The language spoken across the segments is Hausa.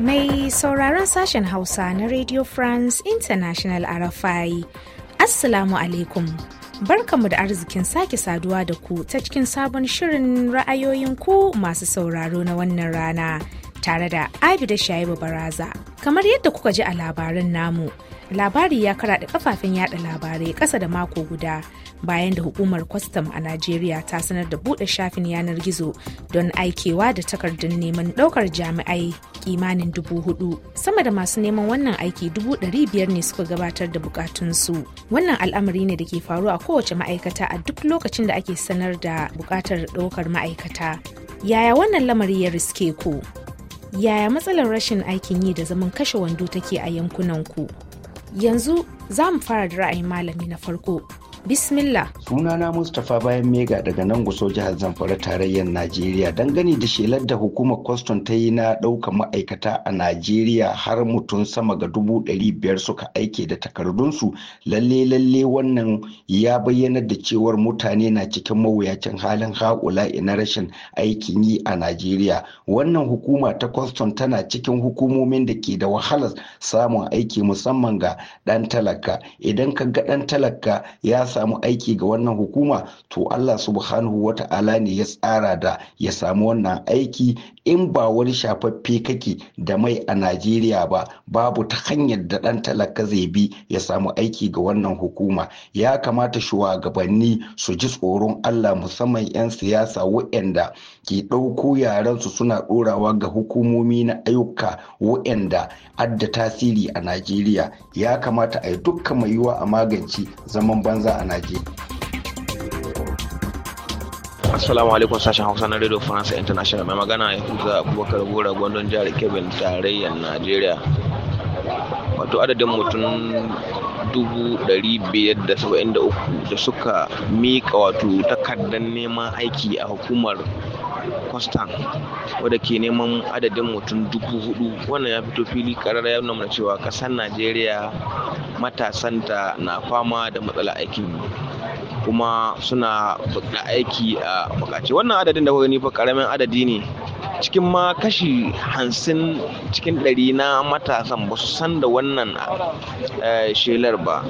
Mai sauraron sashen Hausa na Radio France International RFI, Assalamu alaikum. barkamu da arzikin sake saduwa da ku ta cikin sabon shirin ra'ayoyin ku masu sauraro na wannan rana. tare da Abida Shaibu Baraza. Kamar yadda kuka ji a labarin namu, labari ya karaɗa kafafen yada labarai ƙasa da mako guda bayan da hukumar kwastam a Najeriya ta sanar da buɗe shafin yanar gizo don aikewa da takardun neman ɗaukar jami'ai kimanin dubu hudu. Sama da masu neman wannan aiki dubu ɗari biyar ne suka gabatar da bukatunsu. Wannan al'amari ne da ke faruwa a kowace ma'aikata a duk lokacin da ake sanar da bukatar ɗaukar ma'aikata. Yaya wannan lamari ya riske ku? Yaya matsalar rashin aikin yi da zaman kashe wando take a yankunan ku? Yanzu za mu fara da ra'ayin malami na farko Bismillah. Sunana Mustapha bayan mega daga nan gusau jihar Zamfara tarayyar Najeriya dangane da shelar da hukumar Kwaston ta yi na ɗaukar ma'aikata a Najeriya har mutum sama ga dubu ɗari biyar suka aike da takardunsu lalle lalle wannan ya bayyana da cewar mutane na cikin mawuyacin halin haƙula ina rashin aikin yi a Najeriya. Wannan hukuma ta Kwaston tana cikin hukumomin da ke da wahalar samun aiki musamman ga ɗan talaka idan ka ga ɗan talaka ya samu aiki ga wannan hukuma to Allah subhanahu wa ta'ala ne ya tsara da ya samu wannan aiki in ba wani shafaffe kake da mai a najeriya ba babu ta hanyar da ɗan talaka zai bi ya samu aiki ga wannan hukuma ya kamata shugabanni su ji tsoron allah musamman 'yan siyasa wa'anda ke ɗauko yarensu suna ɗorawa ga hukumomi na ayyuka wa'anda adda tasiri a najeriya ya kamata a yi dukkan mai yiwa a magance zaman banza a najeriya Assalamu alaikum sashen Hausa na Radio France International mai magana ya huza Abubakar Gora Gwandon jihar Kebbi tarayyar Najeriya. Wato adadin mutum dubu da suka mika wato takardar neman aiki a hukumar kwastan wadda ke neman adadin mutum dubu wannan ya fito fili karar ya nuna cewa kasar najeriya matasanta na fama da matsala aikin kuma suna aiki a bukaci wannan adadin da kuka fa karamin adadi ne cikin ma kashi hansin cikin ɗari na matasan ba su san da wannan eh, shelar ba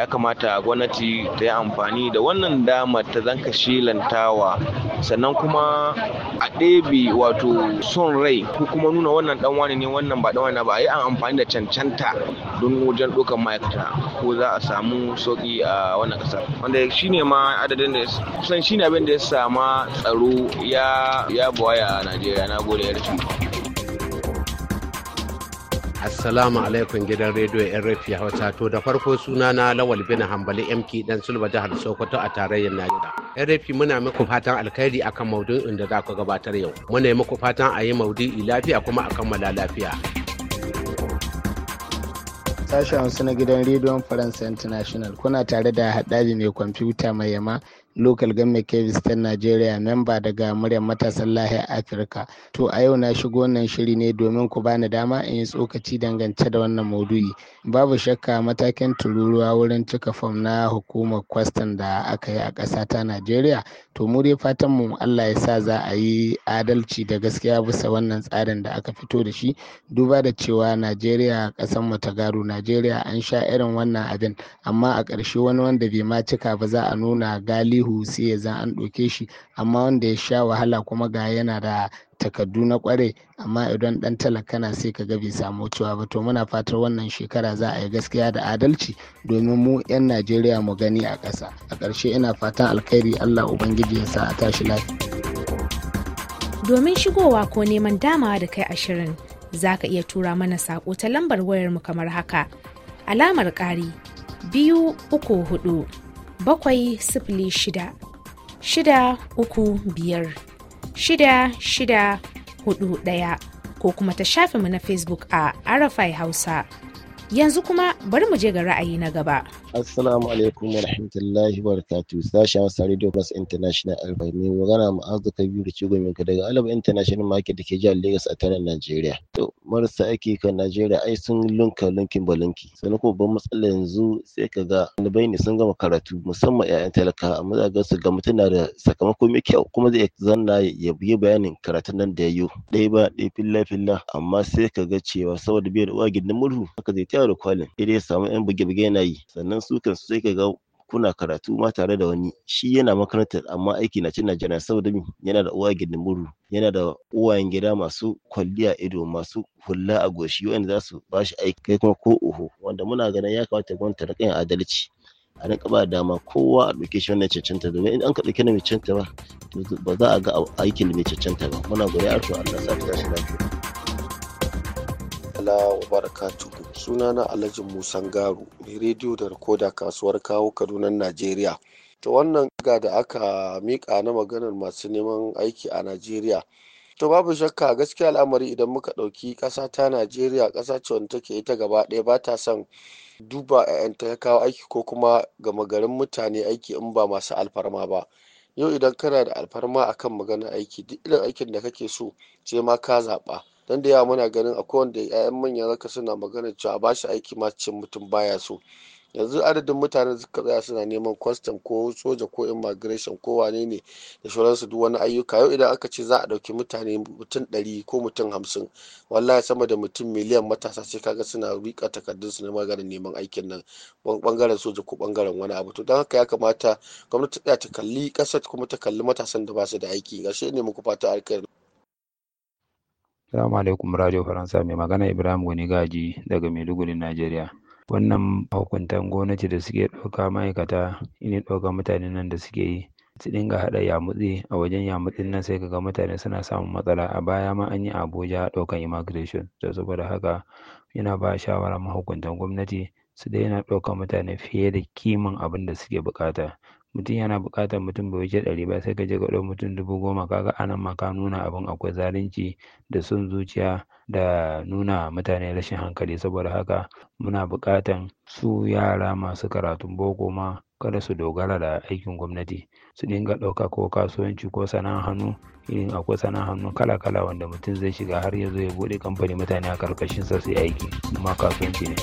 ya kamata gwamnati ta yi amfani da wannan damar ta zanka shilantawa sannan kuma a ɗebe wato son rai ko kuma nuna wannan dan wani ne wannan ba dan wani ba a yi amfani da cancanta don wajen ɗaukar ma'aikata ko za a samu sauƙi a wannan ƙasa. wanda shine ma adadin da kusan shine abin da ya sama tsaro ya ya a najeriya na gode ya rashin Assalamu alaikum gidan rediyo yan Hausa to da farko suna na Lawal bin Hambali MK dan Sulba jihar Sokoto a tarayyar Najeriya. Yan muna muku fatan alkhairi akan maudu'in da za ku gabatar yau. Muna yi muku fatan a yi maudu'i lafiya kuma a kammala lafiya. Sashen Hausa na gidan rediyon Faransa International kuna tare da haɗari mai kwamfuta mai yama local government kebis ta najeriya memba daga muryar matasan lahiyar afirka to a yau na shigo wannan shiri ne domin ku bani dama in yi tsokaci dangance da wannan maudu'i babu shakka matakin tururuwa wurin cika fom na hukumar kwastan da aka yi a ƙasa ta najeriya to mu dai fatan mu allah ya sa za a yi adalci da gaskiya bisa wannan tsarin da aka fito da shi duba da cewa najeriya ƙasan mu ta gado najeriya an sha irin wannan abin amma a ƙarshe wani wanda bai ma cika ba za a nuna galihu fiqihu sai ya zan an ɗauke shi amma wanda ya sha wahala kuma ga yana da takardu na kware amma idan dan talaka na sai ka ga bai samu cewa ba to muna fatar wannan shekara za a yi gaskiya da adalci domin mu 'yan najeriya mu gani a ƙasa a ƙarshe ina fatan alkhairi allah ubangiji ya sa a tashi lafiya domin shigowa ko neman damawa da kai ashirin za ka iya tura mana sako ta lambar wayarmu kamar haka alamar ƙari biyu uku hudu bakwai sifili shida shida uku biyar shida shida hudu daya ko kuma ta shafi mu na facebook a arafai hausa Yanzu kuma bari mu je ga ra'ayi na gaba. Assalamu alaikum wa rahmatullahi wa barakatuh. Sashen Hausa Radio Plus International Albai mai magana da Kabiru Cigomin ka daga Alaba International Market da ke jihar Lagos a tarin Najeriya. To marasa aiki kan Najeriya ai sun lunka lunkin balunki. Sannan ko babban matsala yanzu sai ka ga ɗalibai ne sun gama karatu musamman 'ya'yan talaka amma za ga su ga mutum na da sakamako mai kyau kuma zai zanna ya yi bayanin karatun nan da ya yi. Ɗaya ba ɗaya filla filla amma sai ka ga cewa saboda biyar uwa gindin murhu haka zai da kwalin, sai ya samu yan buge-buge yana yi sannan su kan sai ka ga kuna karatu ma tare da wani shi yana makarantar amma aiki na cin Najeriya saboda yana da uwa gindimuru yana da uwayen gida masu kwalliya ido masu hula a goshi wanda za su ba shi aiki kai kuma ko oho wanda muna ganin ya kamata gwamnati ta yin adalci a rinka ba dama kowa a ɗauke shi wannan cancanta domin in an ka ɗauki na mai cancanta ba ba za a ga aikin da mai cancanta ba muna godiya a to Allah sa ta shi lafiya. Allah wa sunana alhaji musan garu mai rediyo da rikoda kasuwar kawo kaduna najeriya ta wannan ga da aka mika na maganar masu neman aiki a najeriya to babu shakka gaskiya al'amari idan muka ɗauki ƙasa ta najeriya ƙasa ce wanda take ita gaba ɗaya ba ta son duba 'ya'yan kawo aiki ko kuma gama garin mutane aiki in ba masu alfarma ba yau idan kana da alfarma akan maganar aiki duk irin aikin da kake so sai ma ka zaɓa don da yawa muna ganin akwai wanda 'ya'yan manyan raka suna magana cewa ba shi aiki ma cin mutum baya so yanzu adadin mutanen suka tsaya suna neman kwastam ko soja ko immigration ko wane ne da shuransu duk wani ayyuka yau idan aka ce za a ɗauki mutane mutum ɗari ko mutum hamsin wallahi sama da mutum miliyan matasa sai kaga suna rika takardun su na maganin neman aikin nan bangaren soja ko bangaren wani abu to don haka ya kamata gwamnati ta kalli ƙasar kuma ta kalli matasan da basu da aiki gashi ne muku fata alkairi. Salamu alaikum Radio Faransa mai magana Ibrahim Gwani Gaji daga Maiduguri, Najeriya. Wannan hukuntan gwamnati da suke ɗauka ma'aikata ina ɗauka mutane nan da suke yi su dinga haɗa yamutse a wajen yamutsin nan sai kaga mutane suna samun matsala a baya ma an yi Abuja ɗaukan immigration da saboda haka yana ba shawara mahukuntan gwamnati su daina ɗaukan mutane fiye da kiman abin da suke buƙata mutum yana buƙatar mutum bai wuce ɗari ba sai ka je ka ɗau mutum dubu goma kaga anan ma ka nuna abin akwai zalunci da son zuciya da nuna mutane rashin hankali saboda haka muna buƙatan su yara masu karatun boko ma kada su dogara da aikin gwamnati su dinga ɗauka ko kasuwanci ko sana'ar hannu irin akwai sana'ar hannu kala kala wanda mutum zai shiga har ya zo ya buɗe kamfani mutane a sa su aiki kuma kasuwanci ne.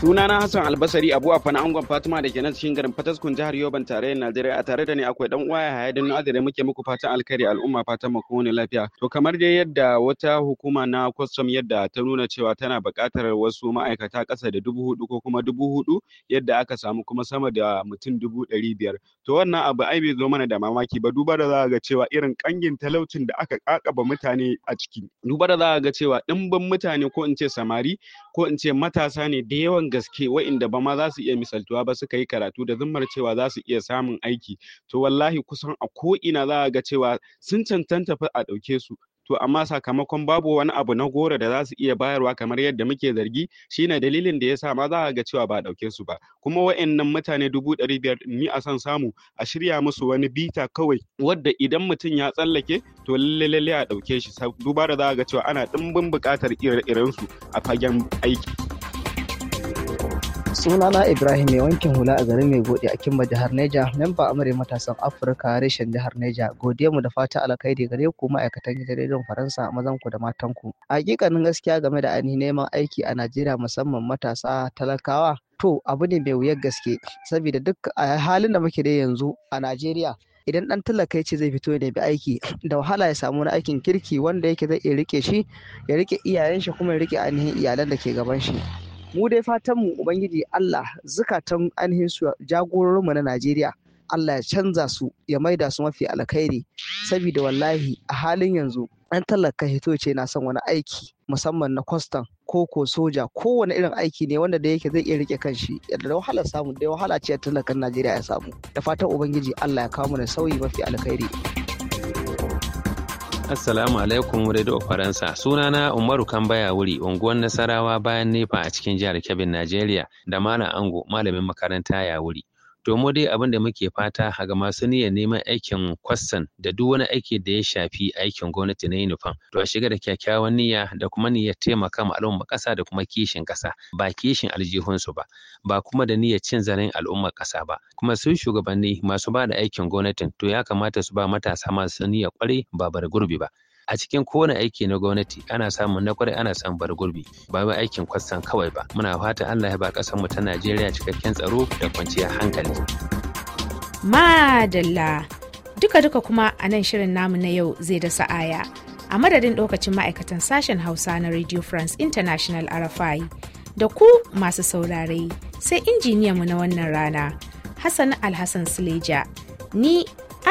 Suna na Hassan Albasari Abu Afana Angon Fatima da ke nan cikin garin Fataskun jihar Yoban tarayyar Najeriya a tare da ni akwai dan uwa Yahaya Dinu da muke muku fatan alkhairi al'umma fatan mu kowane lafiya. To kamar dai yadda wata hukuma na custom yadda ta nuna cewa tana buƙatar wasu ma'aikata ƙasa da dubu hudu ko kuma dubu hudu yadda aka samu kuma sama da mutum dubu ɗari biyar. To wannan abu ai bai zo mana da mamaki ba duba da za ga cewa irin ƙangin talaucin da aka ƙaƙaba mutane a ciki. Duba da za ga cewa ɗimbin mutane ko in ce samari ko in ce matasa ne da yawan gaske wa'inda ba ma za su iya misaltuwa ba suka yi karatu da zummar cewa za su iya samun aiki to wallahi kusan a ko ina za ga cewa sun cancanta fa a ɗauke su to amma sakamakon babu wani abu na goro da za su iya bayarwa kamar yadda muke zargi shine dalilin da ya sa ma za a ga cewa ba a ɗauke su ba kuma wa'annan mutane dubu ɗari biyar ni a son samu a shirya musu wani bita kawai wadda idan mutum ya tsallake to lalle lalle a ɗauke shi duba da za a ga cewa ana ɗimbin buƙatar ire-irensu a fagen aiki. sunana ibrahim mai wankin hula a garin mai gode a kimba jihar neja memba amare matasan afirka reshen jihar neja godiya mu da fata alkhairi gare ku ma'aikatan gidan faransa mazan ku da matan ku hakikanin gaskiya game da ainihin neman aiki a najeriya musamman matasa talakawa to abu ne mai wuyar gaske saboda duk a halin da muke da yanzu a najeriya idan dan talaka ce zai fito ya bi aiki da wahala ya samu na aikin kirki wanda yake zai iya rike shi ya rike iyayen shi kuma ya rike ainihin iyalan da ke gaban shi mu dai fatan mu ubangiji Allah zukatan ainihin su jagororin na Najeriya Allah ya canza su ya maida su mafi alkhairi saboda wallahi a halin yanzu an tallaka hito ce na son wani aiki musamman na kwastan ko ko soja ko wani irin aiki ne wanda da yake zai iya rike kanshi da wahala samu da wahala ce talakan Najeriya ya samu da fatan ubangiji Allah ya kawo mana sauyi mafi alkhairi Assalamu alaikum Radio Faransa. Sunana Umaru Kambaya wuri unguwar Nasarawa bayan nefa a cikin jihar Kebbi, Najeriya da Malam Ango malamin makaranta ya wuri. To mu dai abin da muke fata ga masu niyyar neman aikin kwastan da duk wani aiki da ya shafi aikin gwamnati na yunifam. To a shiga da kyakkyawan niyya da kuma niyyar taimaka ma al'umma ƙasa da kuma kishin kasa, ba kishin aljihunsu ba ba kuma da niyyar cin zaren al'ummar kasa ba. Kuma su shugabanni masu ba da aikin gwamnatin to ya kamata su ba matasa masu niyyar ƙwarai ba bar gurbi ba. a cikin kowane aiki na gwamnati ana samun na kwarai ana samun bargurbi ba wai aikin kwastan kawai ba muna fata Allah ya ba kasar mu ta Najeriya cikakken tsaro da kwanciyar hankali madalla duka duka kuma a nan shirin namu na yau zai da sa'aya a madadin lokacin ma'aikatan sashen Hausa na Radio France International RFI da ku masu saurare sai mu na wannan rana Hassan Alhassan Suleja ni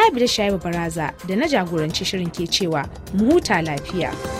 Abida Shaibu Baraza da na jagoranci shirin ke cewa mu huta lafiya.